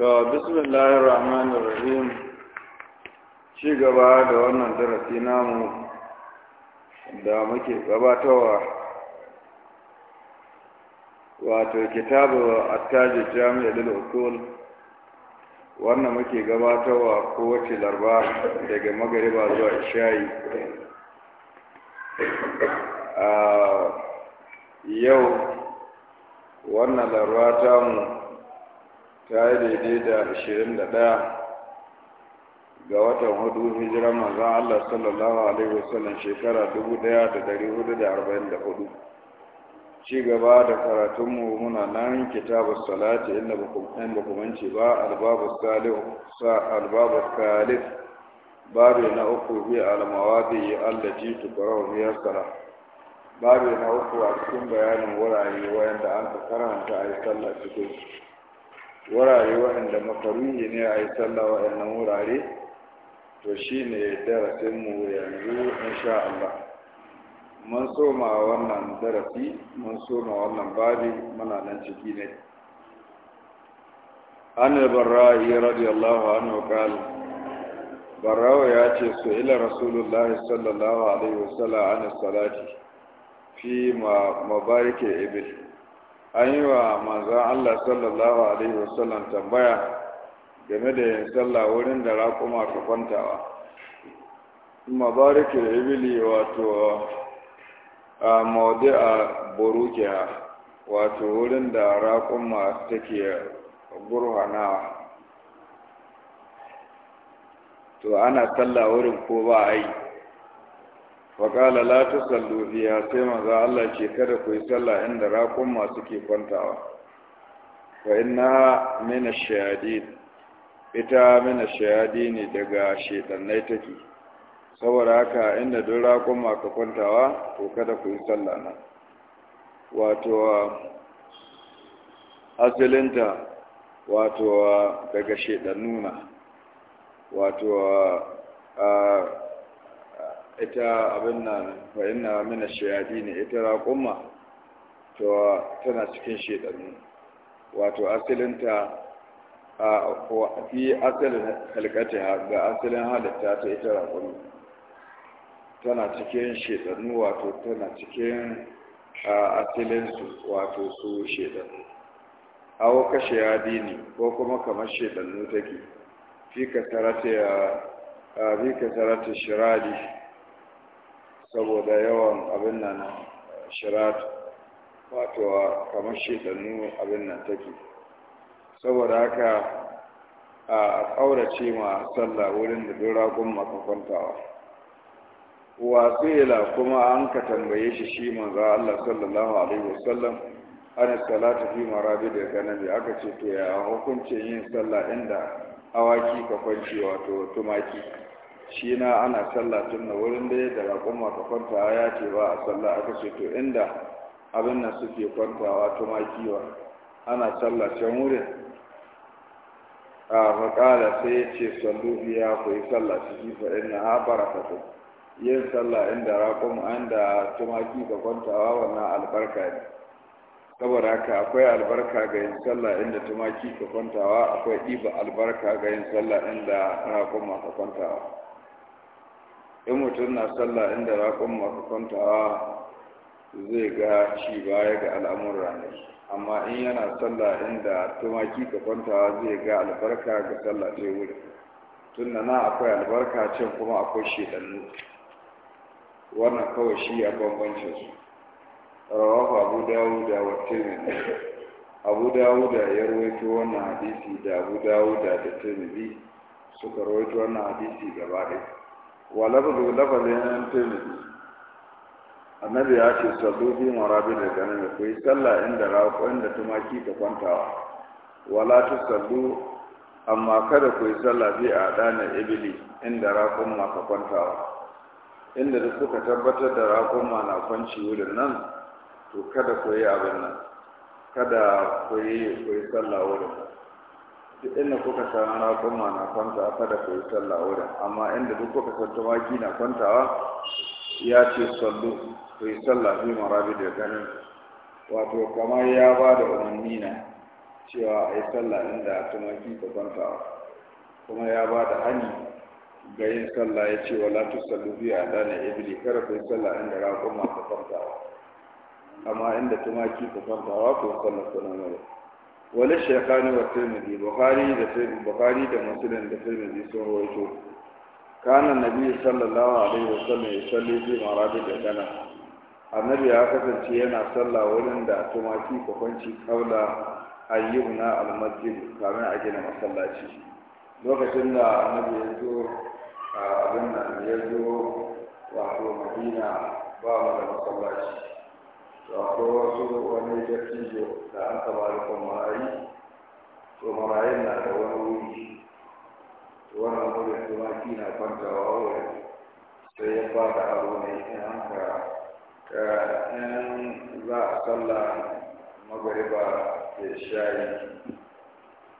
To, bismillahir rahmanir rahim ci gaba da wannan darasi namu da muke gabatarwa wato kitabu attajir jami'a lil usul wannan muke gabatarwa kowace larba daga magariba zuwa ishayi a ah, yau wannan larba tamu ta yi daidai da ashirin da ɗaya ga watan hudu hijiran manzan Allah sallallahu alaihi wasallam shekara dubu ɗaya da dari hudu da arba'in da hudu ci gaba da karatunmu muna nan kitabu salati inda ba kumanci ba albabu kalif babu na uku bi almawadi allati tuqra'u biha salat babu na uku a cikin bayanin wurare wayanda an karanta a yi sallar cikin wurare waɗanda makaruhi ne a yi sallah waɗannan wurare to shi ne darasinmu yanzu insha Allah mun soma wannan darasi mun soma wannan babi muna nan ciki ne an barra'i radiyallahu anhu qala Barrawa ya ce su ila rasulullahi sallallahu alaihi wasallam an salati fi ma mabarike ibil an yi wa manzan Allah sallallahu alaihi wasallam tambaya game da yin sallah wurin da raƙuma ka kwantawa mabarikul ibili wato a maudi a burukiya wato wurin da raƙuma take gurhanawa to ana sallah wurin ko ba a yi faƙala la ta sallu fiya sai manzo Allah ce kada ku yi sallah inda raƙon masu ke kwantawa fa inna min ash-shayadin ita mina shayadi ne daga shedannai take saboda haka inda duk raƙon maka kwantawa to kada ku yi sallah nan wato asalinta wato daga wato na wato ita abin nan wa inna min ash-shayatin ita raƙumma to tana cikin shaidannu wato asalinta a fi asalin halkata ga asalin halitta ta ita raqumma tana cikin shaidannu wato tana cikin su wato su shaidannu aw ka shayatin ko kuma kamar shaidannu take fi kasarata shiradi saboda yawan abin nan shirat wato kamar shedannu abin nan take saboda haka a ƙaurace ma sallah wurin da duragun Wasu wasila kuma an ka tambaye shi shi manzo Allah sallallahu alaihi wasallam ana salatu fi marabi da ganabi aka ce to ya hukuncin yin sallah inda awaki ka kwanci wato tumaki shi na ana sallah tun da wurin da da raƙon ka kwanta ya ce ba a sallah aka ce to inda abin nan suke kwantawa tumakiwa ana sallah can wurin a faƙala sai ya ce sallu biya ku yi sallah ciki fa ina ha barakatu yin sallah inda raƙon inda tumaki ka kwantawa wannan albarka ne saboda haka akwai albarka ga yin sallah inda tumaki ka kwantawa akwai ɗiba albarka ga yin sallah inda raƙon ka kwantawa in mutum na sallah inda raƙon masu kwantawa zai ga ci baya ga al'amurra ne amma in yana sallah inda tumaki ka kwantawa zai ga albarka ga sallah ta wuri tun da na akwai albarka can kuma akwai shedannu wannan kawai shi a bambancin su rawafa abu dawuda wa tirmidhi abu dawuda ya rawaito wannan hadisi da abu dawuda da tirmidhi suka rawaito wannan hadisi gaba ɗaya wa lafzu lafazin tirmidhi annabi ya ce sallu bi marabi da ganin ku yi sallah inda raƙo inda tumaki ka kwantawa wala tu sallu amma kada ku yi sallah bi a ɗana ibili inda raƙon ma ka kwantawa inda duk kuka tabbatar da raƙon ma na kwanci wurin nan to kada ku yi abin nan kada ku yi ku yi sallah wurin nan duk inda kuka san kuma na kwanta kada ku yi sallah wurin amma inda duk kuka san tumaki na kwantawa ya ce sallu ku yi sallah fi marabi da ganin wato kamar ya ba da umarni na cewa a yi sallah inda tumaki ka kwantawa kuma ya ba da hani ga yin sallah ya ce wala tu sallu fi adana ibli kada ku yi sallah inda kuma ka kwantawa amma inda tumaki ka kwantawa ku yi sallah sunan mai. wani shekani wa tirmidhi bukhari da bukhari da muslim da tirmidhi sun rawaito kana nabi sallallahu alaihi wasallam ya salli fi da kana annabi ya kasance yana sallah wurin da tumaki kwakwanci kaula ayyubna almasjid kamin a gina masallaci lokacin da annabi ya zo a abin nan ya zo wato madina ba mu da masallaci akwai wasu wani dattijo da an taba rufin marayi to marayin na da wani wuri wannan wurin tumaki na kwantawa wurin sai ya ba da abu ne in an ka in za a salla magariba ya shayi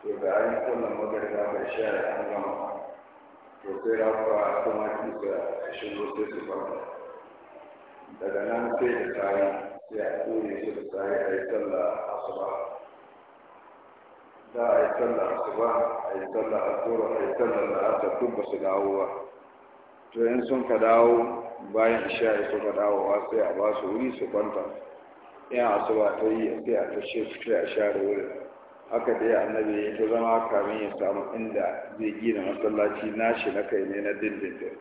to da an yi sallan magariba bai shayi an gama to sai rafa tumaki da shigo sai su kwanta daga nan sai da tsari ya kone shi da tsaye a yi sallah asuba a yi sallah asuba a yi sallah asura a duk basu dawo ba to in sun ka dawo bayan isha'i suka dawowa sai a ba su wuri su kwanta in asuba ta yi sai a tashe su sai a share wurin haka annabi ta zama kamin ya samu inda zai gina masallaci nashi na kai ne na dindindin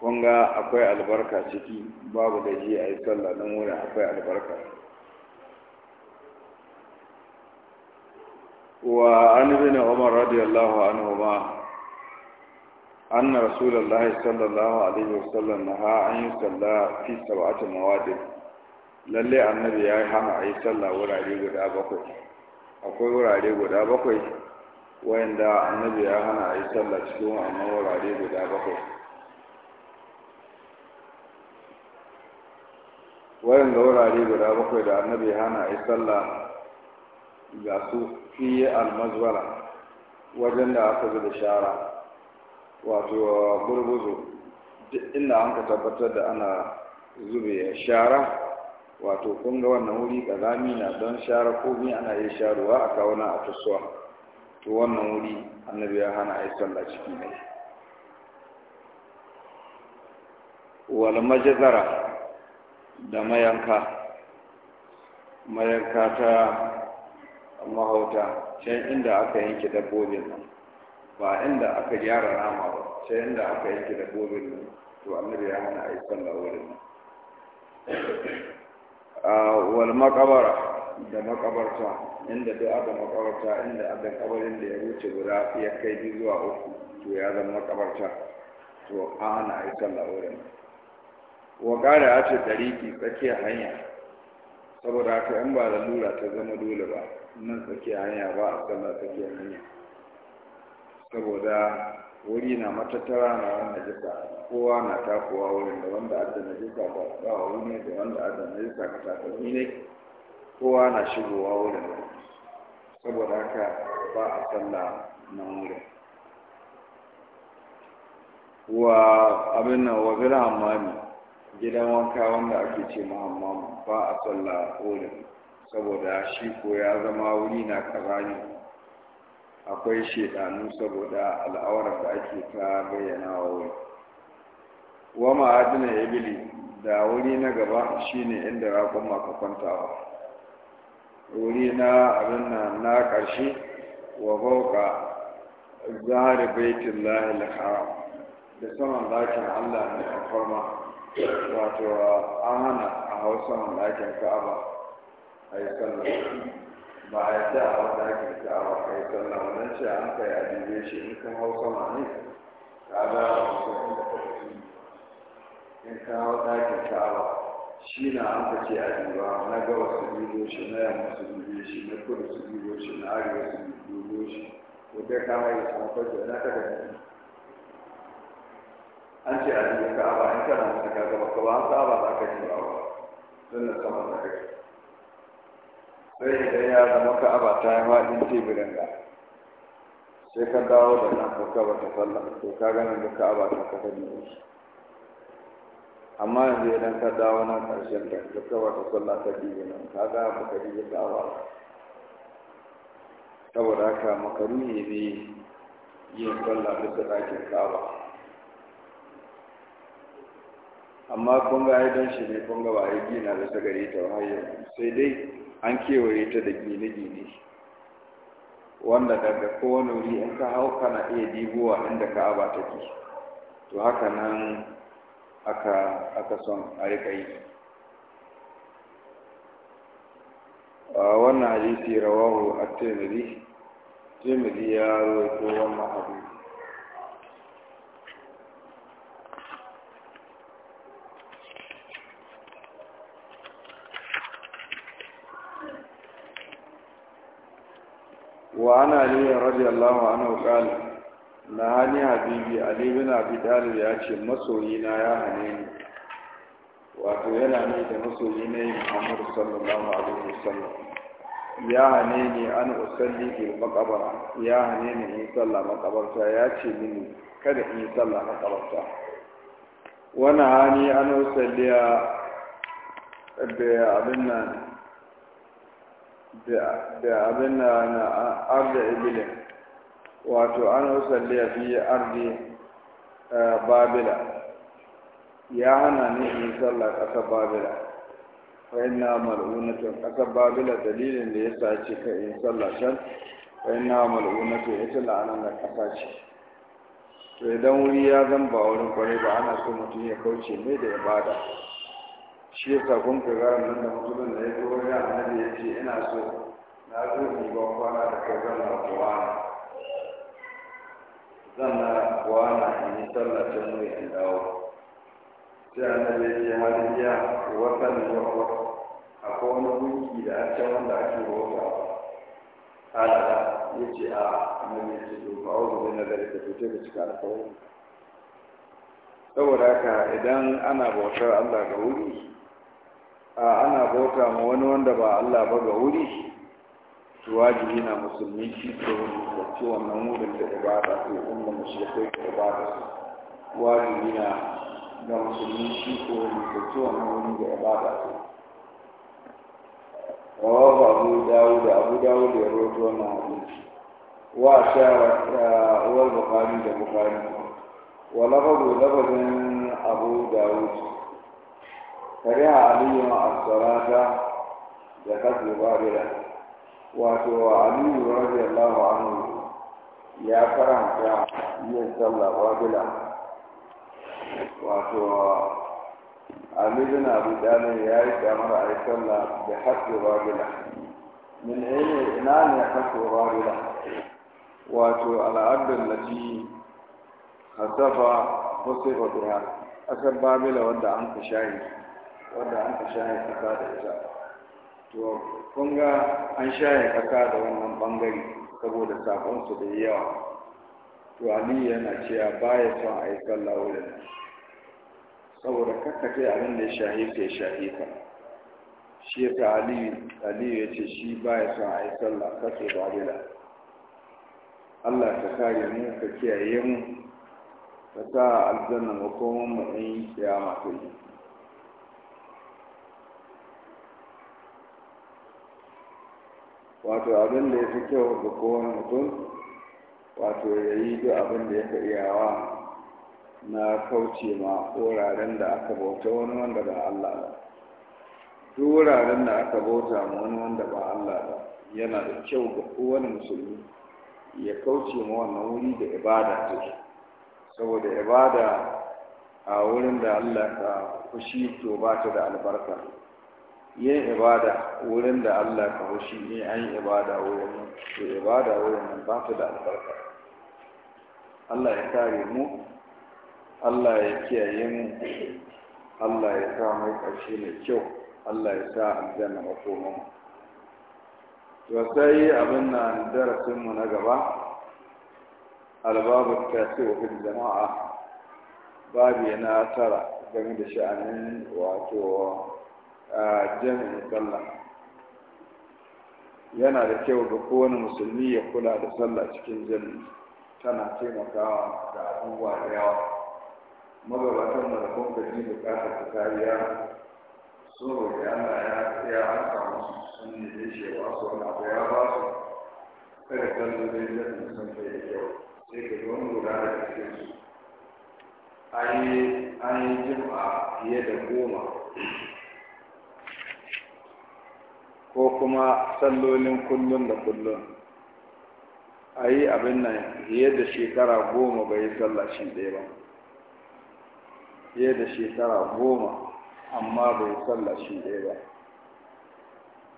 kun ga akwai albarka ciki babu da ji a yi sallah nan wurin akwai albarka wa an bin umar radiyallahu anhu ma anna rasulullahi sallallahu alaihi wasallam ha an yi sallah fi sab'ati mawadin lalle annabi ya hana a yi sallah wurare guda bakwai akwai wurare guda bakwai wayanda annabi ya hana a yi sallah cikin wannan wurare guda bakwai wayan ga wurare guda bakwai da annabi hana a sallah ga su fiye almazwara wajen da aka zuba shara wato gurguzu duk inda an ka tabbatar da ana zube shara wato kun ga wannan wuri ƙazami na don shara ko komi ana yi sharuwa a kawuna a tusuwa to wannan wuri annabi ya hana a yi sallah ciki mai wal majazara da mayanka mayanka ta mahauta can inda aka yanke dabbobin nan ba inda aka gyara nama ba can inda aka yanke dabbobin nan to annabi ya hana a yi sallah wurin nan wal makabara da makabarta inda duk aka makabarta inda aka kabarin da ya wuce guda ya kai biyu zuwa uku to ya zama makabarta to a hana a yi sallah wurin nan wa ya a ce ɗariki tsakiyar hanya saboda haka in ba lura ta zama dole ba nan tsakiyar hanya ba a sallah tsakiyar hanya saboda wuri na matattara na wanda jisa kowa na takowa wurin da wanda adda na jisa ba ba wuri da wanda adda na jisa ka takowa ne kowa na shigowa wurin saboda haka ba a sallah na wurin wa abin nan wa amma hamami gidan wanka wanda ake ce muhammadu ba a tsalla a wurin saboda shi ko ya zama wuri na kazani akwai shedanu saboda al'awarar da ake ta bayyana wa wuri wa ma'adina ibili da wuri na gaba shine inda rakon maka kwantawa wuri na abin nan na ƙarshe wa bauka zahar baitin lahil da saman zakin allah na farma. wato an hana a hausa ɗakin ka'aba a yi sallah ba a yadda a wata ɗakin ka'aba a yi sallah wannan ce an kai ya dube shi in kan hausa ma ne ka ga wasu inda ka fi in ka hau ɗakin ka'aba shi na an ka ce a na gaba su dubo shi na yamma su dubo shi na kudu su dubo shi na arewa su dubo shi ko kai ka ma da samfar da na ka da an ce a cikin ka'aba in kana masa ka gaba ka ba an saba za ka ji ba don na sama da kai sai idan ya zama ka'aba ta yi faɗin teburin ga sai ka dawo da nan ko ka bata sallah ko ka ganin da aba ta ka fadi shi amma yanzu idan ka dawo nan ƙarshen da ka ka ta sallah ta biyu nan ka ga ba ka biyu ba saboda haka makaruni ne yin sallah bisa ɗakin ka'aba amma kun ga don shi ne kun ga ba a yi gina da gari ta wahayi sai dai an kewaye ta da gine-gine wanda daga kowane wuri in ka hau kana iya dibuwa inda ta ke to haka nan aka aka son a rika yi wannan hadisi rawahu at-tirmidhi tirmidhi ya rawaito wannan hadisi وعن علي رضي الله عنه قال نهاني حبيبي علي بن ابي طالب يا ce masoyina ya hane ni wato yana ne da masoyi ne Muhammad sallallahu alaihi wasallam ya hane ni an usalli bil maqbara ya hane ni in sallah maqbarta ya ce mini kada in sallah maqbarta wa nahani an usalliya da abin nan da abin na na arda ibila wato an usalli a fiye ardi eh, babila ya hana ni in salla ƙasar babila fa ina mal'unatun ƙasar babila dalilin da ya sace ka in salla can fa ina mal'unatun ita la'anar da ƙasa ce to idan wuri ya zan ba wurin kwarai ba ana so mutum ya kauce mai da ibada shi ya kun ka gara nan da mutumin da ya zo ya annabi ya ce ina na zo ni ba kwana da kai zan na kuwa zan na kuwa na in yi tallacin mu in dawo sai annabi ya ce har iya watan da a can wanda ake bauta ya ce a annabi ya ce to wani na gari ka fito cika saboda haka idan ana bautar Allah ga ana bauta ma wani wanda ba Allah ba ga wuri to wajibi na musulmi shi ke wani wannan wurin da ibada ko umma mushrikai da ibada su wajibi na ga musulmi shi ko wani wannan wurin da ibada su rawahu abu da abu da ya rawaito wannan abu. wa sha shara wal bukhari da bukhari wa lafzu lafzin abu dawud kariha aliyu as-salata da kasu babila wato aliyu radiyallahu anhu ya karanta yin sallah babila wato ali bin abu dalil ya yi kamar a yi sallah da hasu babila min ina ne hasu babila wato al'adun lati hasafa wasu ba biya asar babila wanda an fi shayi wanda an ka shaye kaka da ita to kun ga an shaye kaka da wannan bangare saboda sakonsu da yawa to ali yana cewa baya son a yi sallah wurin saboda kakkace abin da ya shahe ka ya shahe ka shi ta aliyu aliyu ya ce shi baya son a yi sallah kaso babila Allah ta kare mu ka kiyaye mu ka sa aljanna makoman mu in kiyama ta yi wato abin da ya fi kyau ga kowane mutum wato ya yi duk abin da ya fi iyawa na kauce ma wuraren da aka bauta wani wanda ba Allah ba duk wuraren da aka bauta ma wani wanda ba Allah ba yana da kyau ga kowane musulmi ya kauce ma wannan wuri da ibada ta saboda ibada a wurin da Allah ka fushi to ba ta da albarka yin ibada wurin da Allah ka haushi ne an yi ibada wurin nan to ibada wurin nan ba su da albarka Allah ya kare mu Allah ya kiyaye mu Allah ya sa mai ƙarshe mai kyau Allah ya sa aljanna makoman mu to sai abin nan darasin mu na gaba albabu wa fil jama'a babu yana tara game da sha'anin wato jami'in sallah yana da kyau ga kowane musulmi ya kula da sallah cikin jami'i tana taimakawa da abubuwa da yawa magabatan mu da kuma da kasar ta kariya so da Allah ya ya aka musu sun yi cewa su na abu ya ba su kada kanzu da jami'i sun kai kyau sai ka wani guda da cikin su an yi jima'a fiye da goma ko kuma sallolin kullum da kullum a yi abin nan fiye da shekara goma bai yi sallah shi ɗaya ba fiye da shekara goma amma bai sallah shi ɗaya ba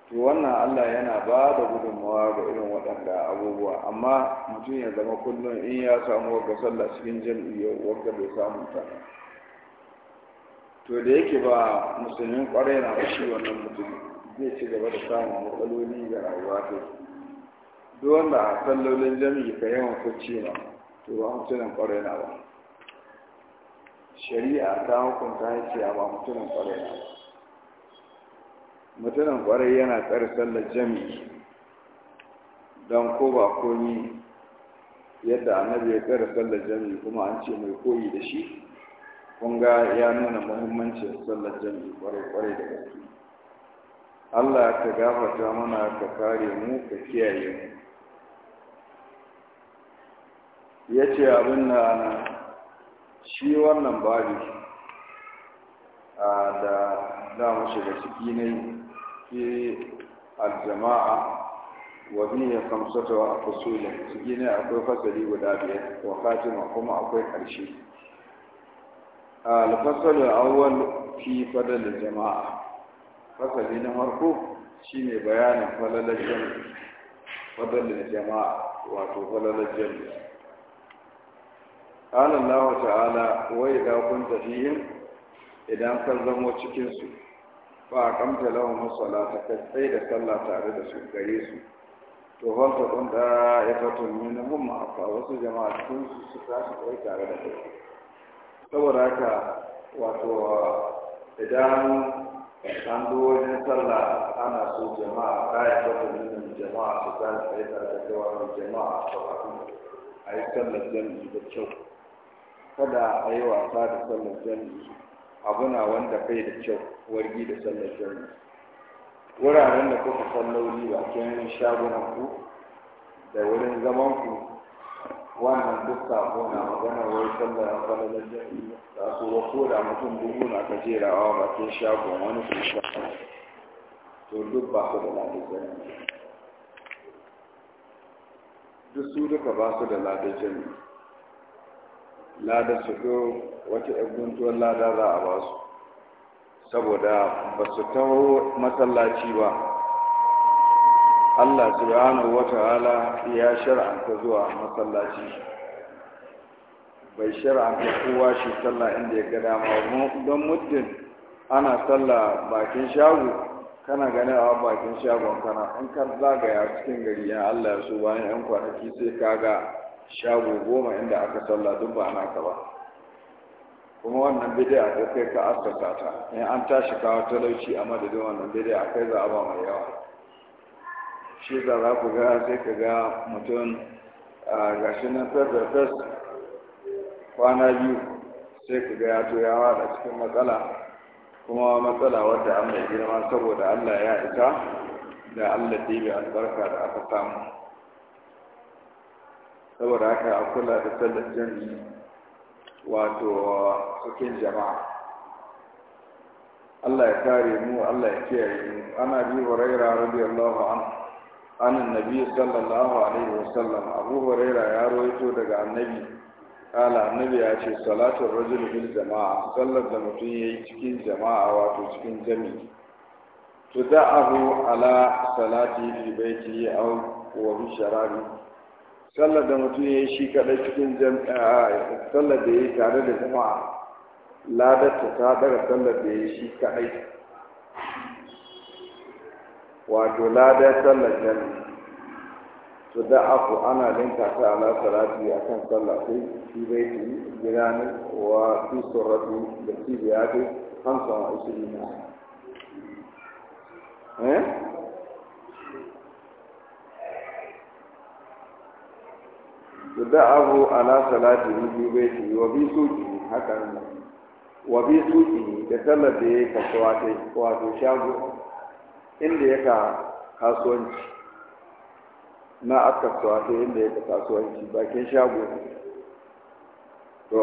to wannan allah yana ba da gudunmawa ga irin waɗanda abubuwa amma mutum ya zama kullum in ya samu wagga sallah cikin jam'iyya wagga bai samu ta to da yake ba musulmin kwarai na shi wannan mutum zai ci gaba da samun matsaloli ga rayuwa ta duk wanda a tallolin jami'i ka yawan kuci ma to ba mutumin kwarai na ba shari'a ta hukunta ya ce ba mutumin kwarai na ba mutumin kwarai yana tsare sallar jami'i don ko ba komi yadda annabi ya tsare sallar jami'i kuma an ce mai koyi da shi kun ya nuna muhimmancin sallar jami'i kwarai kwarai da gaske Allah ka gafata mana ka kare mu ka kiyaye mu ya ce abin na shi wannan babi a da za mu shiga ciki ne ke aljama'a wa ya kamsata wa fasulin ciki ne akwai fasali guda biyar wa katima kuma akwai ƙarshe alfasalin fasalul awwal fi da jama'a fasali na farko shine bayanin falalar fadalin jama'a wato falalar jami'i قال wai تعالى kun tafiyin idan kan zama cikinsu ba a kamta lahum as ta kai da sallah tare da su gare su to hal kun da ifatu minhum afa wasu jama'a cikin su su tashi kai tare da kai saboda haka wato idan an zo wajen sallah ana so jama'a kayan bakwai jama'a su ta tsaye da cewa jama'a a su a yi sallar jami'i da kyau kada a yi wasa da sallar jami'i abuna wanda kai da kyau wargi da sallar jami'i wuraren da kuka salloli bakin shagunan ku da wurin zaman ku wannan duk sabo na magana wai sallar an fara da jami'a su so da mutum dubu na ta jerawa bakin shagon wani su sha to duk ba su da ladajen duk su duka ba su da ladajen jami'a lada su do wata ɗaguntuwar lada za a ba su saboda ba su taho masallaci ba Allah subhanahu wata'ala ya shar'anta zuwa masallaci bai shar'anta kowa shi sallah inda ya ga dama don muddin ana sallah bakin shago kana ganin a bakin shagon kana in ka zagaya cikin gari ya Allah ya bayan yan kwanaki sai ka ga shago goma inda aka sallah duk ba ka ba kuma wannan bid'a ko kai ka asarta ta in an tashi kawo talauci a madadin wannan bid'a kai za a ba mai yawa shi za za ku ga sai ka ga mutum ga shi nan fes kwana biyu sai ka ga ya toyawa da cikin matsala kuma matsala wadda an mai girma saboda allah ya ita, da allah ɗebe albarka da aka samu saboda haka a kula da sallar jami'i wato cikin jama'a Allah ya kare mu Allah ya kiyaye mu ana bi raira radiyallahu anhu anan nabi sallallahu alaihi wasallam abu huraira ya rawaito daga annabi kala annabi ce salatu rajul bil jama'a sallar da mutum yayi cikin jama'a wato cikin jami'i tuda'ahu ala salati fi baiti aw wa bi sharabi sallar da mutum yayi shi kadai cikin jami'a sallar da yayi tare da jama'a ladar ta daga sallar da yayi shi kadai wato ladan sallar jami'i su da aku ana linka ta ala salati kan sallar sai shi bai ci ne wa su surratu da su biya ta hamsa wa ishirin na eh da abu ala salati ni bi bai ci wa bi suki haka nan wa bi suki da sallar da ya kasuwa ta wato shago inda yaka kasuwanci na akasuwa ta inda yaka kasuwanci bakin shago to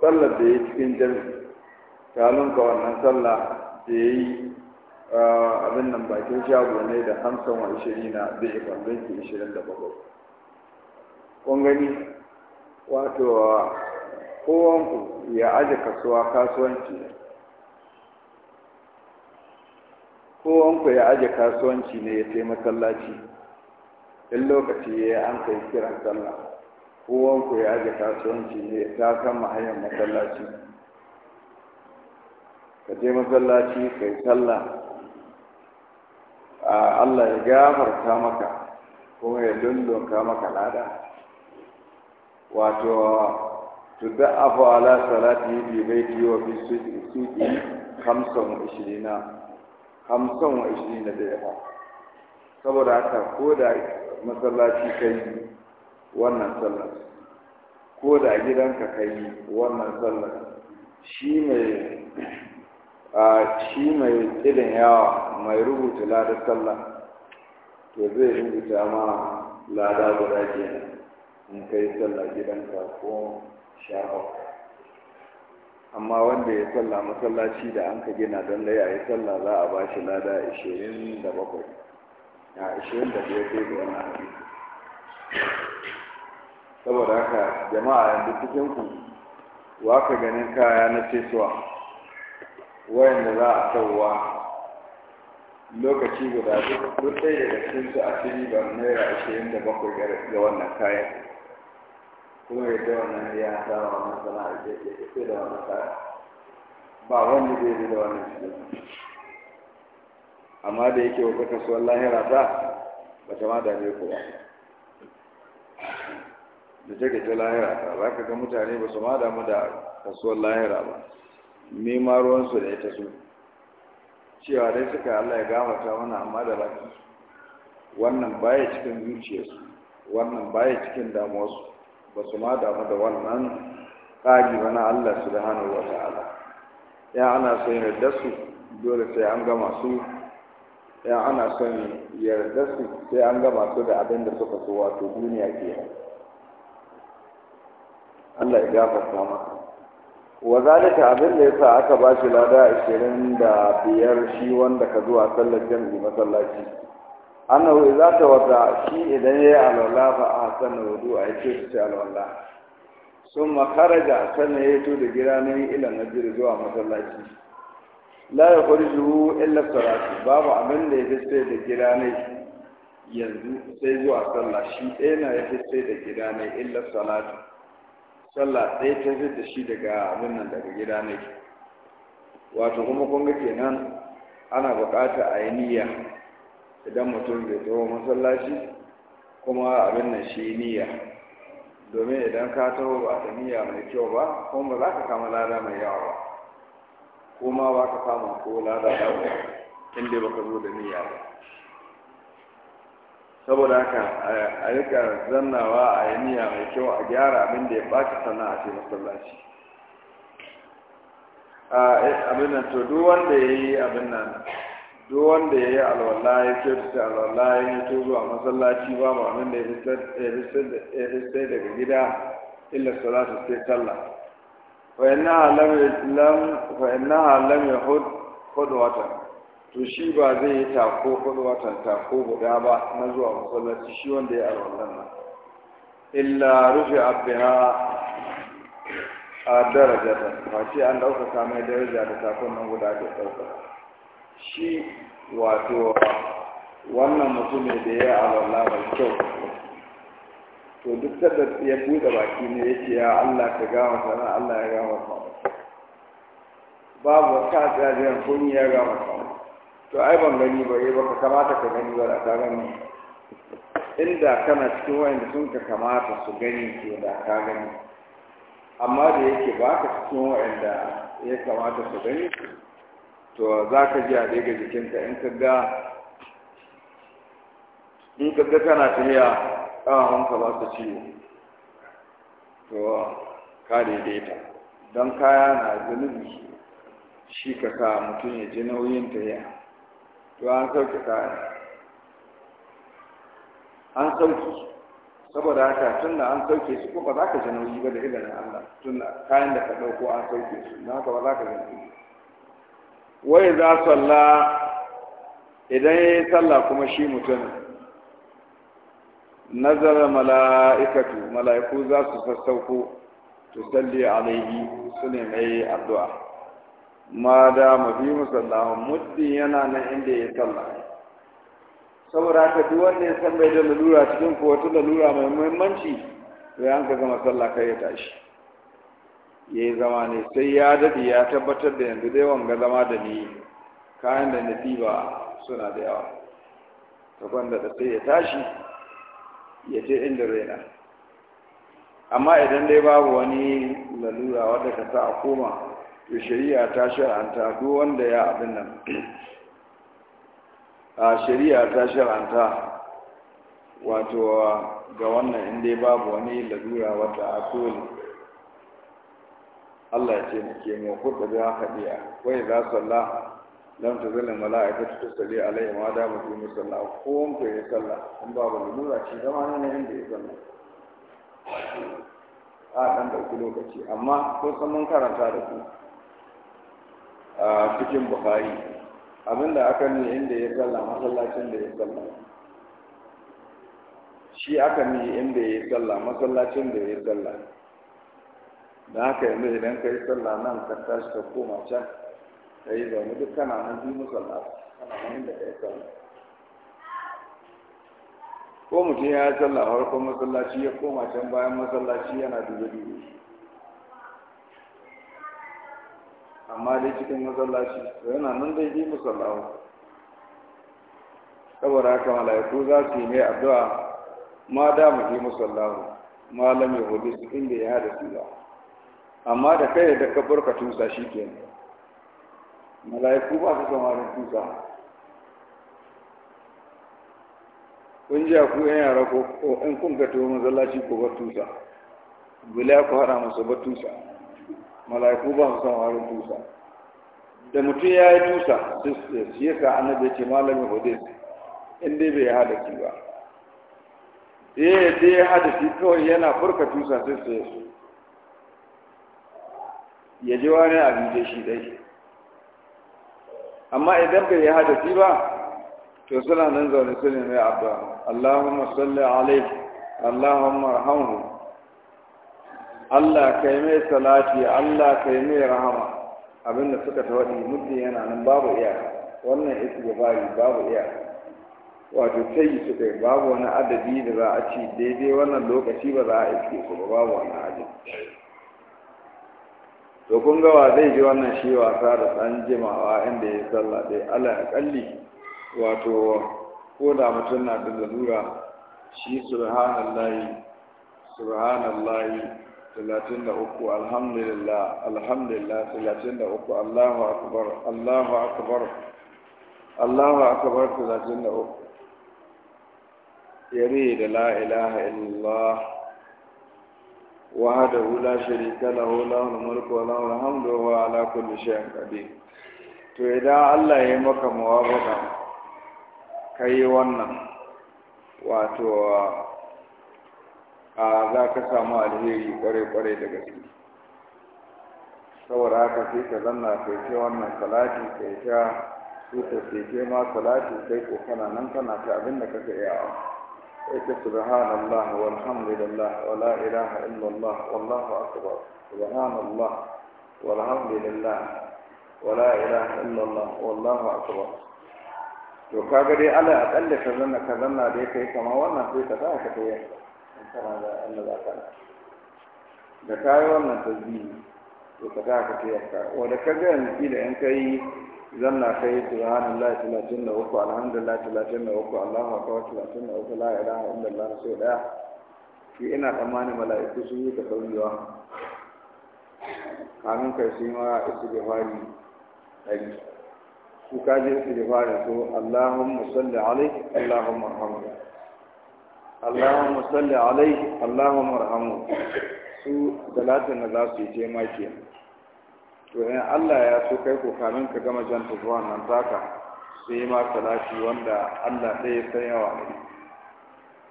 sallar da ya cikin jami'i ta ka wannan sallah da ya yi abin nan bakin shago ne da hamsin wa ishirin na zai ikon ishirin da bakwai kun gani wato kowanku ya aje kasuwa kasuwanci ne kowanku ya aje kasuwanci ne ya kai masallaci in lokaci ya yi an kai kiran sallah kowanku ya aje kasuwanci ne ya ta kama hanyar masallaci ka je masallaci ka yi sallah A Allah ya gafarta maka kuma ya lullunka maka lada wato تضعف على صلاته في بيته وفي سوقه خمسة na. hamsin wa ishirin da ɗaya saboda haka ko da masallaci ka yi wannan sallar ko da gidanka ka yi wannan sallar shi mai shi mai tsirin yawa mai rubuta ladar sallah to zai rubuta ma lada guda kenan in kai sallah gidanka ko shafa amma wanda ya salla masallaci da an ka gina don laya ya salla za a ba shi lada 27 a 25 sai da wani hadisi saboda haka jama'a yanzu cikin ku wa ka ganin kaya na fesuwa wayanda za a sauwa lokaci guda duk ɗaya daga cikin su a cikin ban naira 27 ga wannan kayan kuma yadda wannan ya sa wa wannan sana'a ke ke da wannan tsara ba wani zai yi da wannan cikin amma da yake wa kasuwar lahira ta ba ta ma dame ko ba da take ta lahira ta za ka ga mutane ba su ma damu da kasuwar lahira ba ma ruwansu da ita su cewa dai suka Allah ya gamata mana amma da baki wannan baya cikin zuciyarsu wannan baya cikin damuwarsu ba su ma damu da wannan ƙari ba na Allah subhanahu wa ta'ala ya ana son yarda su dole sai an gama su ya ana son yarda su sai an gama su da abin da suka so wato duniya ke Allah ya gafarta maka wa zalika abin da yasa aka ba shi lada 25 shi wanda ka zuwa sallar jami'i masallaci annahu idza tawadda shi idan yayi alwala fa ahsana wudu a yake shi alwala summa kharaja sannan ya to da gida ne ila masjid zuwa masallaci la yukhrijuhu illa salati babu abin da ya sai da gida ne yanzu sai zuwa sallah shi ɗaya na ya sai da gida ne illa salati sallah ɗaya ta fi da shi daga abin nan daga gida ne wato kuma kun ga kenan ana buƙatar a yi niyya idan mutum bai taho masallaci kuma abin nan shi niyya domin idan ka taho ba ta niyya mai kyau ba kuma ba za ka kama lada mai yawa ba kuma ba ka kama ko lada yawa inda ba ka zo da niyya ba saboda haka a rika zannawa a yi niyya mai kyau a gyara abin da ya baki sana a ce masallaci eh, abin nan to duk wanda ya yi abin nan duk wanda ya yi alwala ya kyautata alwala ya to zuwa masallaci ba ma nan da ya sai daga gida illa salatu sai sallah fa na lam ya hudu watan to shi ba zai yi tako hudu watan tako guda ba na zuwa masallaci shi wanda ya alwala nan illa rufe abin a darajata ce an ɗaukaka mai daraja da takon nan guda da ɗaukaka shi wato wannan mutumin da ya alwala mai kyau to duk da ya buɗe baki ne ya ce ya Allah ka gawa sana Allah ya gama sana babu wata tsariyar kun ya gama sana to ai ban gani ba eh, ba ka kamata ka gani ba da ka gani inda kana cikin wayanda sun ka kamata su gani ke da ka gani amma da yake ba ka cikin wayanda ya kamata su gani to za ka ji a daga jikinta in ka ga in ka ga kana tafiya ƙawawanka ba su ciwo to ka daidaita don kaya na zunubi shi ka sa mutum ya ji nauyin ta yi to an sauki kaya an sauki saboda haka tun da an sauke su ko ba za ka ji nauyi ba da idanun Allah tun da kayan da ka ɗauko an sauke su na haka ba za ka ji nauyi wai za salla idan ya yi sallah kuma shi mutum nazara mala'ikatu mala'iku za su sassauko to salli alaihi su ne mai addu'a ma da mafi musallahun muddin yana nan inda ya sallah saboda haka duk wanda ya san bai da lalura cikin kowace lalura mai muhimmanci to yanka gama sallah kai ya tashi ya yi zama ne sai ya daɗi ya tabbatar da yanzu dai wanga zama da ni kayan da na ba suna da yawa ta gwanda da sai ya tashi ya je inda raina amma idan dai babu wani lalura wadda ka sa a koma to shari'a ta shar'anta duk wanda ya abin nan a shari'a ta shar'anta wato ga wannan inda babu wani lalura wadda a kowane Allah ya ce mu ke mu kuɗa da hadiya wai za salla lam tazalil mala'ikatu a alaihi ma da mu musalla ko mun ko ya salla in wani nura ci zama ne inda ya salla a ɗan ɗauki lokaci amma ko san mun karanta da ku a cikin buhari abinda aka nuna inda ya salla masallacin da ya salla shi aka nuna inda ya salla masallacin da ya salla da haka yanzu idan ka yi sallah nan ka tashi ka koma can ka yi zaune duk kana nan biyu musalla kana nan inda ka yi sallah ko mutum ya yi sallah farkon masallaci ya koma can bayan masallaci yana dube dube amma dai cikin masallaci yana nan dai biyu musalla saboda haka mala'iku za su yi mai addu'a ma da mu yi musallahu ma lam yahudis inda ya hada su ba amma da kai da ka barka tusa shi ke mala'iku ba su da tusa kun ji ku yan yara ko in kun ga tuwo masallaci ko ba tusa bula ku hada musu ba tusa mala'iku ba su da tusa da mutum ya yi tusa shi yasa annabi ya ce malamin hudis in dai bai ki ba eh dai shi kawai yana furka tusa sai su ya ji wani abinci shi dai amma idan bai yi hadasi ba to suna nan zaune su ne mai addu'a Allahumma salli alaihi Allahumma rahamhu Allah kai mai salati Allah kai mai rahama abinda suka tawaɗi muddin yana nan babu iyaka wannan istighfari babu iyaka wato sai su kai babu wani adadi da za a ci daidai wannan lokaci ba za a iske su ba babu wani adadi to kun ga wa zai ji wannan shi wasa da san jimawa inda ya salla dai ya kalli wato ko da mutum na da lalura shi subhanallahi subhanallahi 33 uku alhamdulillah alhamdulillah 33 uku allahu akbar allahu akbar allahu akbar talatin uku yare da la ilaha illallah وحده لا شريك له له الملك وله الحمد وهو على كل شيء قدير to idan Allah ya maka muwafaka kai wannan wato a za ka samu alheri kware-kware kwarai da gaske saboda haka sai ka zanna kai ce wannan salati kai ta su ka ce ma salati kai ko kana nan kana ta abin da kaka iya سبحان الله والحمد لله ولا إله illallah الله والله أكبر Walhamdulillah الله والحمد لله ولا to kaga dai ala ka zanna ka zanna dai kai kama wannan sai ka tsaya ka kai in kana da Allah za ka da kayi wannan tasbihi to ka ka kai yanka wanda ka ga da in kai zan na kai lai talatin da uku alhamdulillah talatin da uku allahu akbar talatin da uku la ilaha illallah sai daya shi ina tsammanin mala'iku sun yi ta sauyewa kamin kai su yi da fari ɗari su ka je fari su allahun salli alaihi allahun marhamu allahun salli alaihi allahun marhamu su talatin da za su yi ce to in Allah ya so kai kokarin kamin ka gama jan zuwa nan zaka sai ma salati wanda Allah ɗaya ya san yawa ne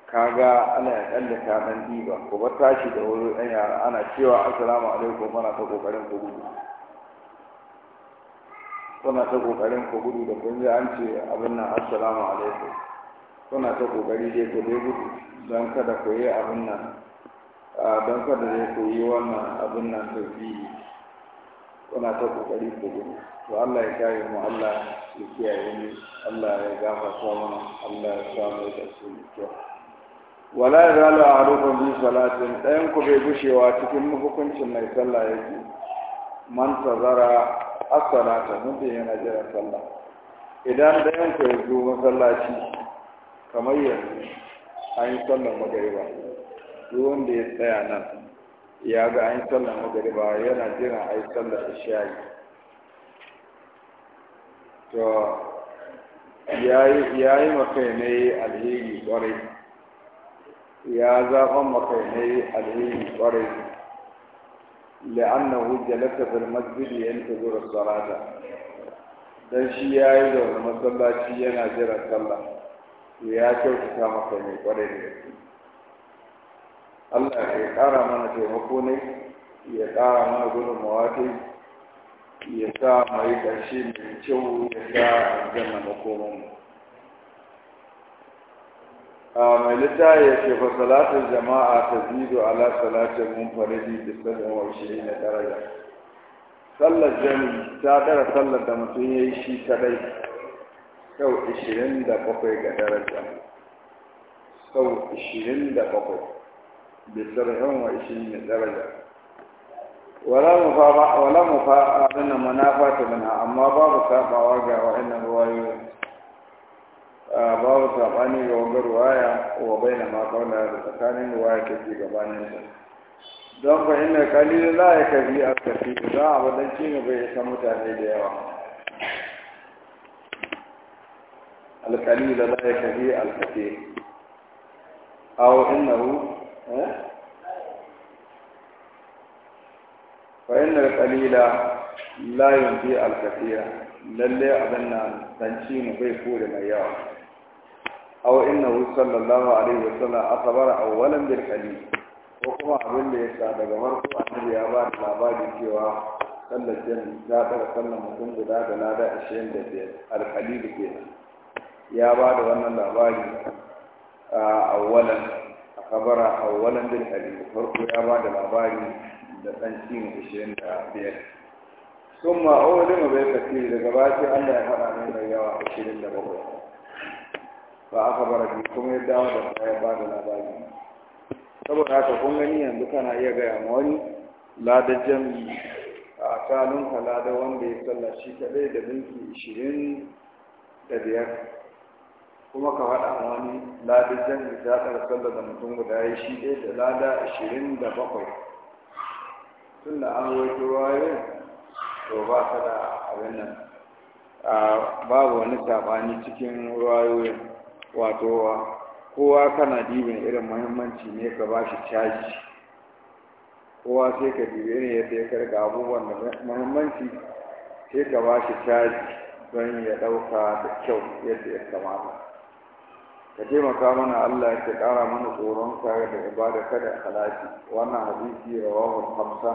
kaga Allah ya ka nan diba ko ba tashi da wuri ɗan yara ana cewa assalamu alaikum mana ta kokarin ku gudu kuna ta kokarin ku gudu da kun ji an ce abin nan assalamu alaikum kuna ta kokari dai ku dai gudu don kada ku yi abin nan don kada dai ku yi wannan abin nan tafiyi kuna ta kokari ku gudu to Allah ya kare mu Allah ya kiyaye mu Allah ya gafarta mana Allah ya sa da su to wala yazalu ahadukum bi salatin dayan ku bai gushewa cikin hukuncin mai sallah yake man tazara as-salata mutum yana jira sallah idan dayan ku ya zo masallaci kamar yanzu an yi sallar magariba duk wanda ya tsaya nan ya ga an sallar magariba yana jira a yi sallar ishayi. to ya yi makainai alheri kwarai ya zaɓan makainai alheri kwarai la'annahu jalasa fil masjid yantazuru salata dan shi ya yi zaune masallaci yana jira sallah ya kyautata makainai kwarai da gaske Allah ya ƙara mana taimako ne ya ƙara mana gudun mawaƙi, ya sa mai ƙarshe mai kyau ya sa aljanna mu a mai littafi ya ce fa jama'a ta zido ala salatin munfaridi da sanin wa shi na daraja sallar jami ta dara sallar da mutum ya yi shi kadai sau 27 ga daraja sau 27 بسبعين وعشرين درجة ولا مفارقة ولا مفارقة من منافات منها أما باب سابع ورقة وإنه رواية باب سابعني وقر رواية وبين ما قولها بسكان رواية كثيرة بانيسة don fa inna kalil la yakfi al-kafi da abadanci ne bai isa mutane da yawa al-kalil la yakfi al-kafi aw innahu da eh? kalila layin bi alkafiya lalle abin na zanci mu bai kore mai yawa aw innahu sallallahu alaihi wasallam akhbara awwalan bil qalil ko kuma abin da yasa daga farko annabi ya ba da labari cewa sallar janna ta daga sallar mutum guda da lada 25 alkalil ke? ya ba da wannan labari a ah, awwalan kabara a walan bin ali farko ya ba da labari da ɗan cin ishirin da biyar sun ma ma bai kafi daga bashi allah ya haɗa mai mai yawa ashirin da bakwai ba aka bara bi kuma ya dawo da ya bada labari saboda haka kun gani yanzu kana iya gaya ma wani lada jami'i a tsanin halada wanda ya sallah shi kaɗai da minti ishirin da biyar kuma ka faɗa wani ladijan da ta da sallar da mutum guda ya shi ɗaya da lada ashirin da bakwai tun da an waito waye to ba ka da abin nan babu wani saɓani cikin wayoyin wato kowa kana dibin irin muhimmanci ne ka ba shi caji kowa sai ka dibe ne ya karga abubuwan da muhimmanci sai ka ba shi caji don ya ɗauka da kyau yadda ya kamata ka taimaka mana Allah ya ƙara mana tsoron kare da ibada kada halaki wannan hadisi rawahu hamsa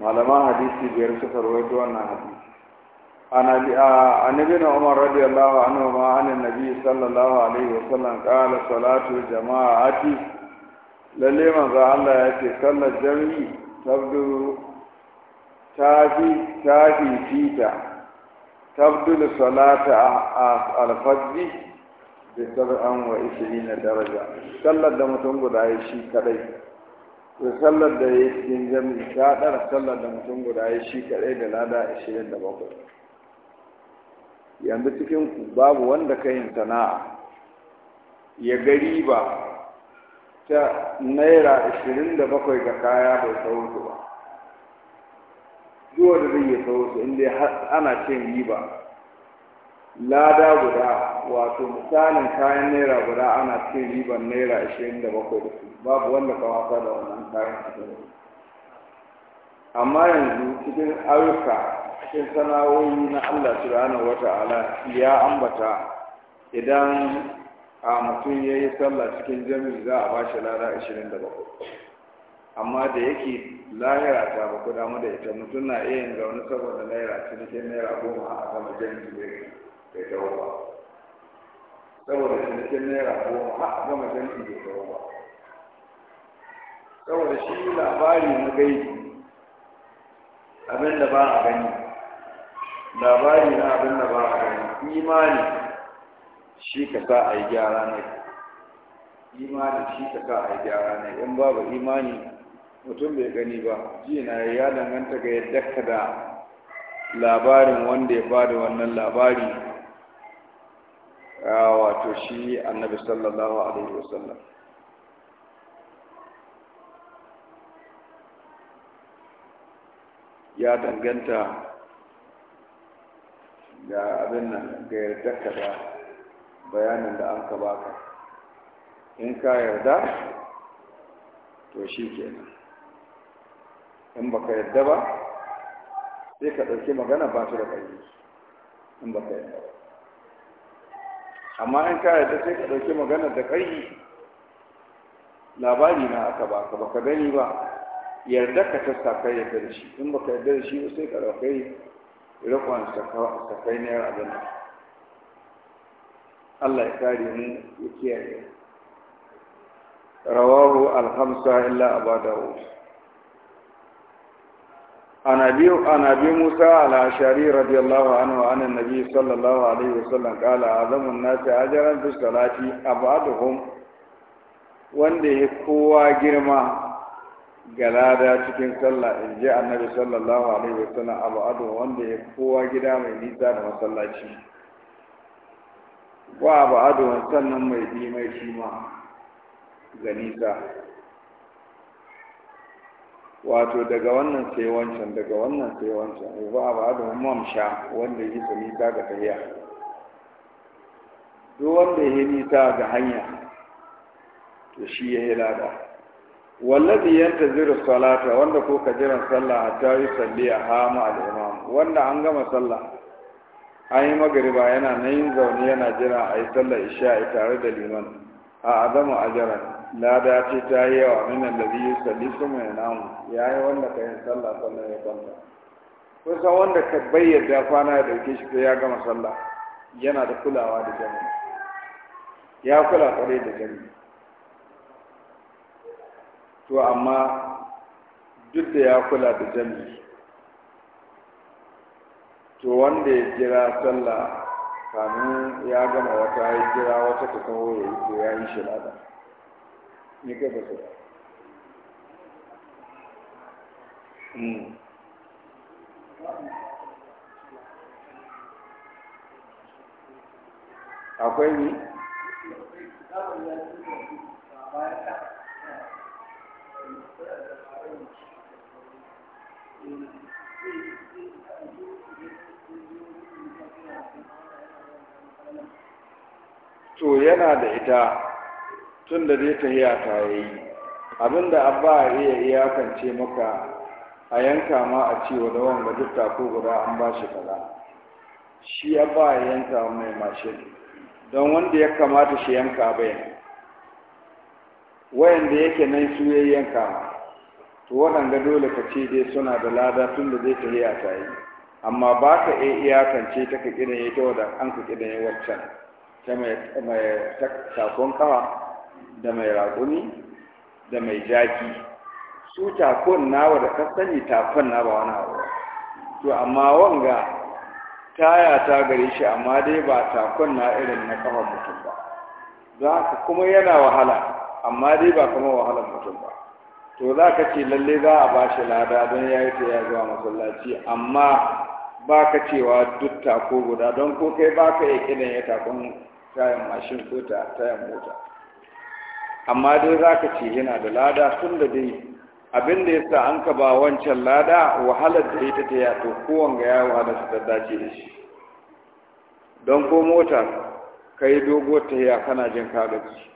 malaman hadisi biyar suka rawaito wannan hadisi عن عن ابن عمر رضي الله عنهما عن النبي صلى الله عليه وسلم قال صلاة الجماعة للي من الله يأتي صلى الجمع Tafi, Tafi, Tita, فيتا تبدو الصلاة الفجر bi sab'an wa na daraja sallar da mutum guda ya shi kadai da sallar da ya cikin jami'i ta ɗara sallar da mutum guda ya shi kadai da lada da bakwai. yanzu cikin ku babu wanda ka yin sana'a ya gari ba ta naira da bakwai ga kaya bai sauransu ba zuwa da zai yi sauransu inda ana cin riba lada guda wato misalin kayan naira guda ana cin riban naira ashirin da bakwai babu wanda ka wasa da wannan kayan asali amma yanzu cikin ayyuka cikin sana'o'i na Allah subhanahu wata'ala ya ambata idan a mutum ya yi sallah cikin jam'i za a ba shi lada ashirin da bakwai amma da yake lahira ta ba ku damu da ita mutum na iya yin zaune saboda naira cikin naira goma a sama jami'i bai dawo ba saboda cinikin naira goma ha a gama da kawo ba saboda shi labari na gaibi abin da ba a gani labari na abin da ba a gani imani shi ka sa a yi gyara ne imani shi ka sa a yi gyara ne in babu imani mutum bai gani ba ji na ya danganta ga yadda ka da labarin wanda ya bada wannan labari wato shi annabi sallallahu alaihi wasallam ya danganta da abin nan ga yardarka da bayanin da an ka baka in ka yarda to shi kenan in baka yarda ba sai ka ɗauki magana ba su da ƙarfi in baka yarda ba amma in ka yarda sai ka ɗauki maganar da ƙarfi labari na aka ka baka gani ba yarda ka ta sakai ya da shi in baka yarda da shi ba sai ka ɗaukai rikon sakai na abin Allah ya kare mu ya kiyaye rawahu al-khamsa illa wasu عن أبي عن أبي موسى الأشعري رضي الله عنه عن النبي صلى الله عليه وسلم قال اعظم الناس اجرا في الصلاه ابعدهم wanda ya kowa girma ga lada cikin sallah Inji, annabi sallallahu alaihi wasallam abu wanda ya kowa gida mai nisa da masallaci wa abu sannan mai bi ma ga wato daga wannan sai wancan daga wannan sai wancan ba a ba da sha wanda ya yi nisa ga tahiya duk wanda ya yi nisa ga hanya to shi ya yi lada wallazi yanta zira salata wanda ko ka jiran sallah a yi salli a hama imam wanda an gama sallah an yi magariba yana nan yin zaune yana jira a yi sallar isha'i tare da liman a adamu ajaran lada ce ta yi yawa minan da biyu sali su mai namu ya yi wanda ka yi sallah sannan ya kwanta kusa wanda ka bayyada kwana ya dauke shi ko ya gama sallah yana da kulawa da Jami. ya kula kwarai da Jami. to amma duk da ya kula da Jami. to wanda ya jira sallah kamin ya gama wata ya jira wata ta kawo ya yi to ya yi shi lada ya gaba su hmm. akwai ni to yana da ita tun da zai hiya ta abin abinda abba a iya iyakance maka a yanka ma a ce wa dawan ga duk tako guda an ba shi kaza shi abba a yanka mai mashin don wanda ya kamata shi yanka bayan wayanda yake nan su ya yanka to waɗanda dole ka ce dai suna da lada tun da zai hiya ta yi amma ba ka iya iyakance ta ka kidan ya ta wadda an ka kidan ya waccan ta mai takon kawa da mai raƙumi da mai jaki su takon nawa da ka takon na ba wani abu to amma wanga taya ta gare shi amma dai ba takon na irin na kafa mutum ba za ka kuma yana wahala amma dai ba kuma wahalar mutum ba to za ka ce lalle za a ba shi lada don ya yi ya zuwa masallaci amma ba ka cewa duk tako guda don ko kai ba ka iya kidan ya takon tayan mashin ko tayan mota amma dai za ka ce yana da lada tun da dai abin da ya sa an ka ba wancan lada wahalar da ita ta ya to kowanne ya wahala su ta dace da shi don ko mota ka yi dogo ta ya kana jin kagaci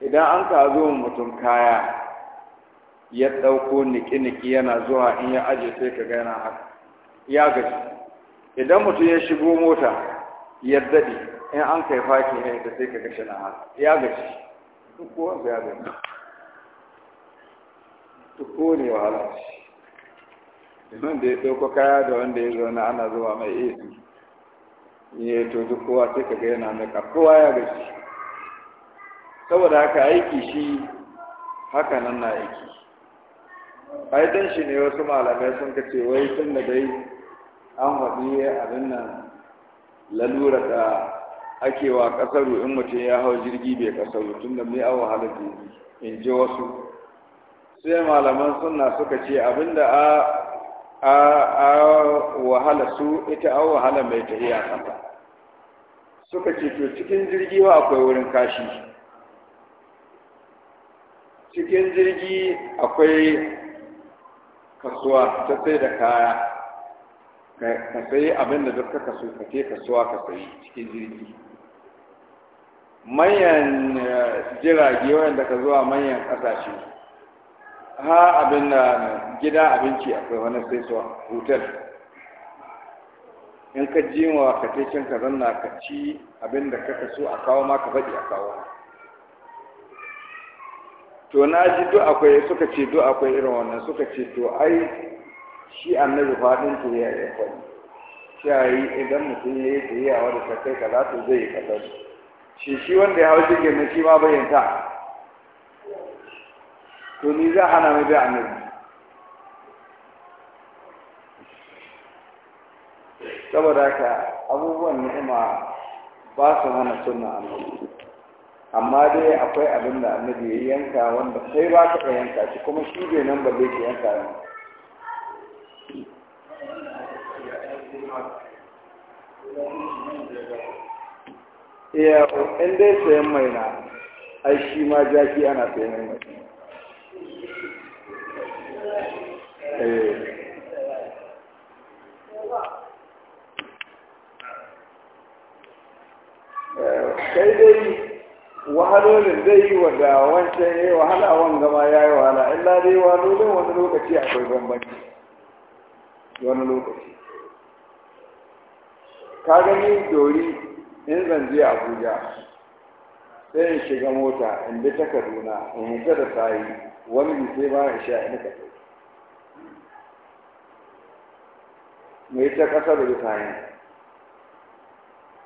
idan an ka zo mutum kaya ya ɗauko niki-niki yana zuwa in ya aje sai ka gana haka ya gaji idan mutum ya shigo mota ya daɗe in an kai faki ne da sai ka gashi na haka ya gaji duk ya gani duk ne wahala liman da ya ɗauko kaya da wanda ya zauna ana zuwa mai ac in ya to duk kowa sai ka ga yana naka kowa ya gaji saboda haka aiki shi haka nan na aiki ai dan shi ne wasu malamai sun ka ce wai tun da dai an faɗi abin nan lalura da ake wa kasaru in mutum ya hau jirgi bai kasaru tun da mai awa halittu jirgi in ji wasu sai malaman suna suka ce abinda a a a wahala su ita a wahala mai iya kasa suka ce to cikin jirgi wa akwai wurin kashi cikin jirgi akwai kasuwa ta sai da kaya ka sai abin da duk ka kaso ka ce kasuwa ka sai cikin jirgi manyan eh, jirage wanda ka zuwa manyan ƙasashe ha abin da gida abinci akwai wani sai su hotel in ka ji wa ka tecin ka zanna ka ci abin da ka so a kawo ma ka faɗi a kawo to na ji duk akwai suka ce duk akwai irin wannan suka ce to ai shi annabi faɗin to ya yi faɗi shi a yi idan mutum ya yi tsaye da wadda kai ka za to zai yi kasar shi shi wanda ya hau jirgin na shi ma bayyanta to ni za hana mai bayan nan saboda ka abubuwan ni'ima ba su hana sunna annabi amma dai akwai abin da annabi ya yanka wanda sai ba ka yanka shi kuma shi bai nan ba zai ke yanka ne. Thank you. iya in ya sayan mai na ai shi ma jaki ana sayan mai eh, eh, kai dai wahalolin zai yi wada wancan ya yi wahala wan gama ya yi wahala illa dai wahalolin wani lokaci akwai bambanci wani lokaci ka gani dori in zan je abuja sai in shiga mota in bi ta kaduna in hita da sayi wani sai ba in sha in ka mai ta ƙasa da bisani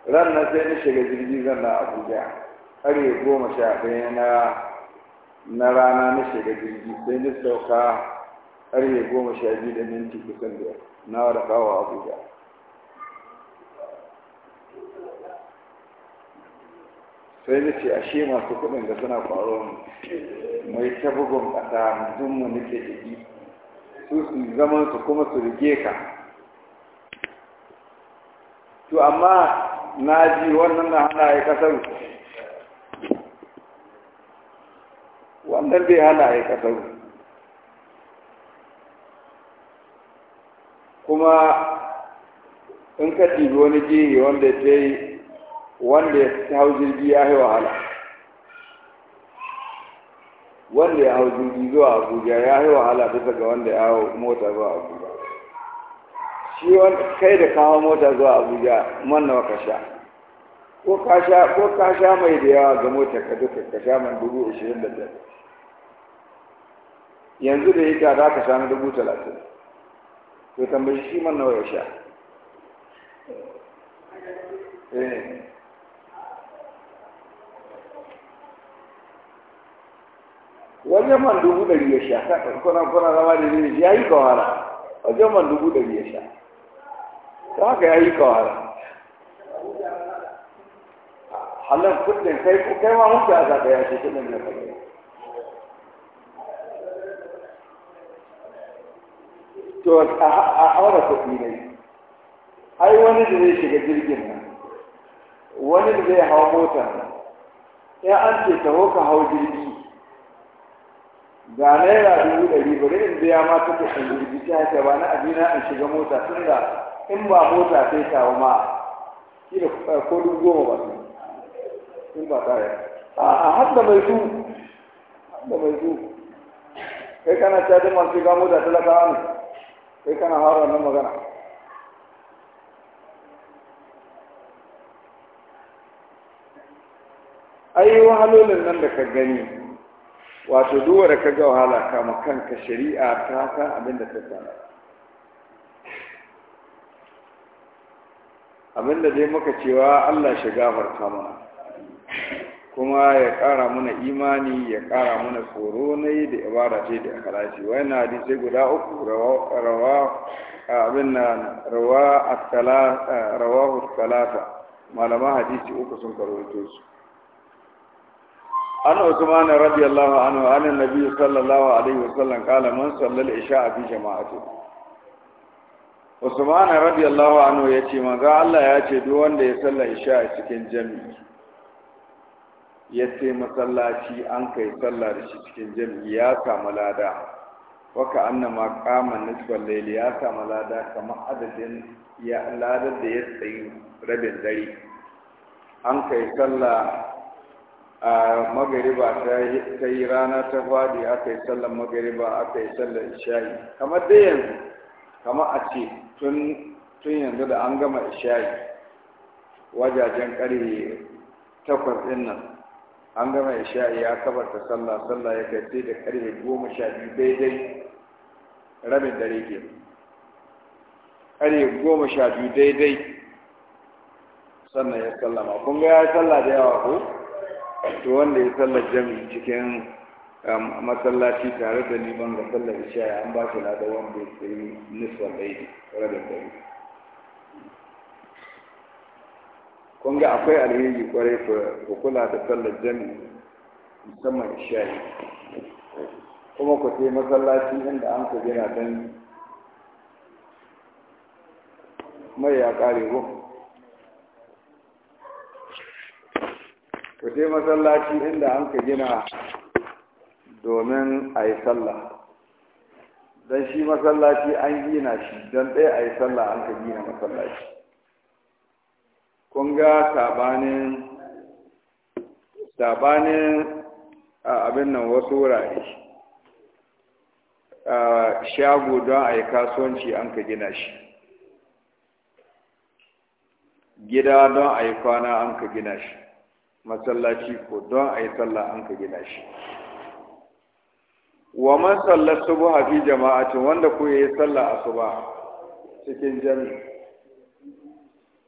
ran na sai na shiga jirgin zan na abuja ƙarfe goma sha ɗaya na na rana na shiga jirgi sai na sauka ƙarfe goma sha biyu da minti kusan biyar na wadatawa kawo abuja sai da ce ashe masu kuɗin da suna ƙwaro mai ta bugun ƙasa mutum mu nake jiki su su zaman su kuma su rige ka to amma na ji wannan na hana ya kasar wannan bai hana ya kasar kuma in ka ɗibi wani jihi wanda ta yi wanda ya hau jirgi ya yi wahala wanda ya hau jirgi zuwa abuja ya yi wahala bisa ga wanda ya hau mota zuwa abuja shi kai da kawo mota zuwa abuja man nawa ka sha ko ka sha mai da yawa ga mota ka duka ka sha man dubu ashirin da biyar yanzu da ita za ka sha na dubu talatin to tambayi shi man nawa ya sha eh. wajen man dubu ɗari ya sha kuna kuna zama da zai ya yi kawara wajen man dubu ɗari ya sha ta haka ya yi kawara halin kudin kai kai ma mutu a zaɓa ya ce kudin ya kai to a aure kudi ne ai wani da zai shiga jirgin nan wani da zai hawa mota. nan ya an ce ta hau jirgin. ga naira dubu ɗari bari in biya ma ta kuɗin jirgi ta haka ba na abina in shiga mota tun da in ba mota sai tawo ma kila eh, ko dubu goma ba su in ba tare a hadda mai su hadda mai su kai kana ta duk masu shiga mota talakawa ne kai kana hawa wannan magana ai wahalolin nan da ka gani wato duwa da ka ga wahala kama kanka shari'a ta san abin da ta sana abin dai muka cewa Allah shi gafarta mana kuma ya ƙara mana imani ya ƙara mana tsoro yi da ibada ce da akalaci wannan guda uku rawa abin na rawa malaman hadisi uku sun karoto su an usman radiyallahu anhu an annabi sallallahu alaihi wasallam qala man sallal isha bi jama'ati usman radiyallahu anhu yace manzo Allah ya ce duk wanda ya salla isha cikin jami'i ya ce masallaci an kai sallah da shi cikin jami'i ya samu lada waka annama qama nisbal layli ya samu lada kamar adadin ya da ya rabin dare an kai a magariba ta yi rana ta fadi aka yi sallar magariba aka yi sallar isha'i kamar da yanzu kamar a ce tun yanzu da an gama isha'i wajajen ƙarfe takwas din nan an gama isha'i ya kabarta sallah sallah ya kai da ƙarfe goma sha biyu daidai rabin dare ke ƙarfe goma sha biyu daidai sannan ya sallama kun ga ya sallah da yawa ko to wanda ya sallar jami cikin um, masallaci tare da liban ga sallar isha an ba shi lada wanda ya sayi nisfan ɗaya tare da ɗaya kun ga akwai alheri kwarai ku kula da sallar jami musamman isha kuma ku sai masallaci inda an ku gina don mai ya ƙare ruwa ku je masallaci inda an ka gina domin a yi sallah don shi masallaci an gina shi don ɗaya a yi sallah an ka gina masallaci kun ga sabanin a abin nan wasu wurare a shago don a yi kasuwanci an ka gina shi gida don a yi kwana an ka gina shi masallaci ko don a yi sallah an ka gina shi wa man sallar subha fi jama'atin wanda ko yayi sallah asuba cikin jami'i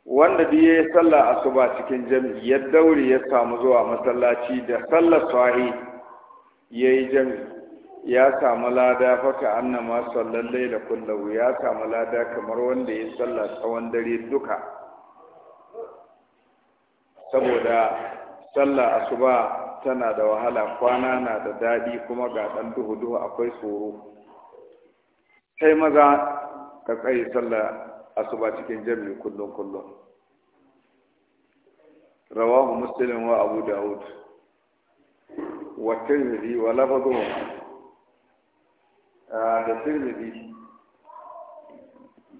wanda bi yayi sallah asuba cikin jami'i ya daure ya samu zuwa masallaci da sallar sahi yayi jami'i ya samu lada faka annama sallar laila kullahu ya samu lada kamar wanda ya sallah tsawon dare duka saboda sallah asuba tana da wahala kwana na da daɗi kuma ga ɗan duhu duhu akwai tsoro sai maza ka tsaye sallah asuba cikin jami'i kullum kullum rawahu muslim wa abu daud wa tirmidhi wa lafadhu ah, da tirmidhi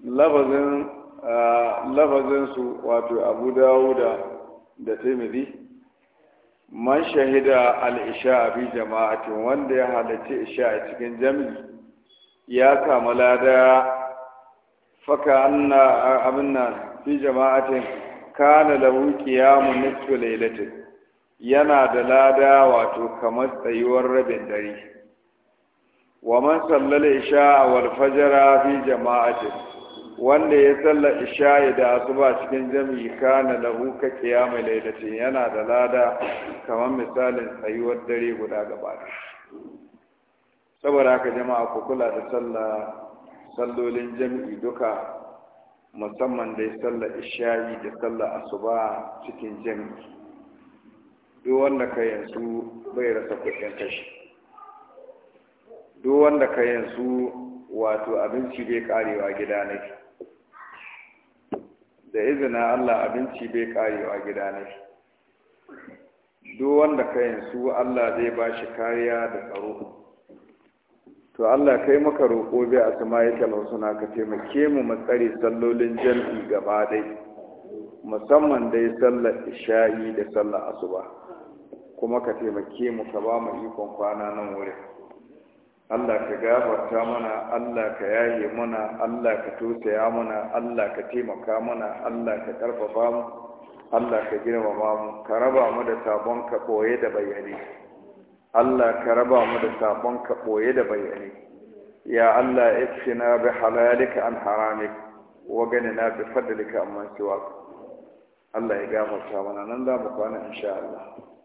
lafazin ah, lafazin su wato abu dauda da tirmidhi man shahida al'isha bi jama'atin wanda ya halarci isha a cikin jami'i ya kama lada faka anna abinna fi jama'atin kana lahu qiyamu nisfu lailatin yana da lada wato kamar tsayuwar rabin dare wa man sallala isha wal fajra fi jama'atin wanda ya tsalla isha'i da asuba cikin jami'i kana da ka kiyama lailatin yana da lada kamar misalin tsayuwar dare guda gaba saboda haka jama'a ku kula da tsalla tsallolin jami'i duka musamman da ya sallar isha'i da sallar asuba cikin jami'i duk wanda ka yanzu bai rasa kuɗin kashi duk wanda ka yanzu wato abinci bai karewa gida nake da izinin Allah abinci bai karewa gida ne duk wanda ka yansu Allah zai ba shi kariya da tsaro to Allah kai maka roƙo bai a sama yake lausuna ka taimake mu mu sallolin jam'i gaba dai musamman dai sallar isha'i da sallar asuba kuma ka taimake mu ka ba mu ikon kwana nan wurin Allah ka gafarta mana Allah ka yaye mana Allah ka tosaya mana Allah ka taimaka mana Allah ka karfafa mu Allah ka girmama mu ka raba mu da sabon ka boye da bayani Allah ka raba mu da sabon ka boye da bayani ya Allah ikfina bi halalika an haramik wa ganina bi fadlika amman siwak Allah ya gafarta mana nan za mu kwana insha Allah